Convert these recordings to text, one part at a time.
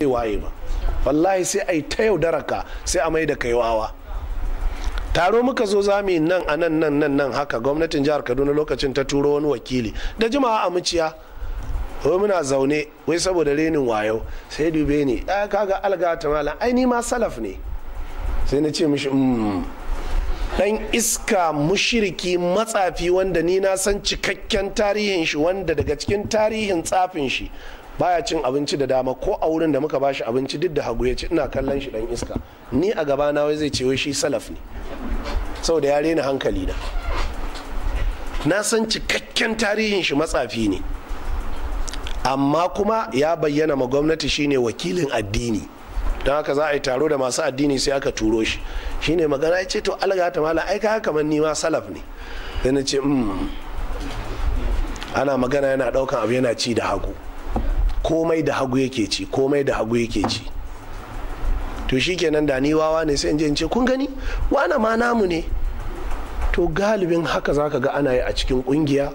zai waye ba wallahi sai a yi ta yaudaraka sai a mai da kai wawa taro muka zo zami nan a nan nan nan nan haka gwamnatin jihar kaduna lokacin ta turo wani wakili da jima'a a muciya wai muna zaune wai saboda renin wayo sai dube ni ɗaya kaga alga ta malam ai ni ma salaf ne sai na ce mishi dan mm, iska mushiriki matsafi wanda ni na san cikakken tarihin shi wanda daga cikin tarihin tsafin shi baya cin abinci da dama ko a wurin da muka bashi abinci duk da hagu ya ci ina kallon shi dan iska ni a gaba na wai zai ce wai shi salaf ne saboda ya rena hankali na na san cikakken tarihin shi matsafi ne amma kuma ya bayyana ma gwamnati shine wakilin addini don haka za a yi taro da masu addini sai aka turo shi shine magana ya ce to alga ta mala ai ka kamar ni ma salaf ne sai na ce mm. ana magana yana daukan abu yana ci da hagu komai da hagu yake ci komai da hagu yake ci to shikenan da ni wawa ne sai in ce kun gani wana ma namu ne to galibin haka zaka ga ana yi a cikin kungiya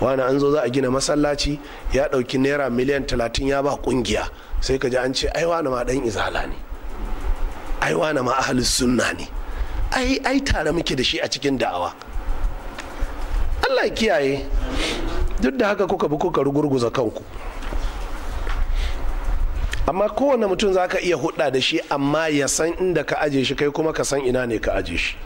wani an zo za a gina masallaci ya ɗauki naira miliyan talatin ya ba kungiya sai ka ji an ce ai wani ma dan izala ne ai wani ma ahalus sunna ne ai ai tare muke da shi a cikin da'awa Allah kiyaye duk da haka kuka bi kuka rugurguza kanku amma kowane mutum za ka iya hudda da shi amma ya san inda ka aje shi kai kuma ka san ina ne ka aje shi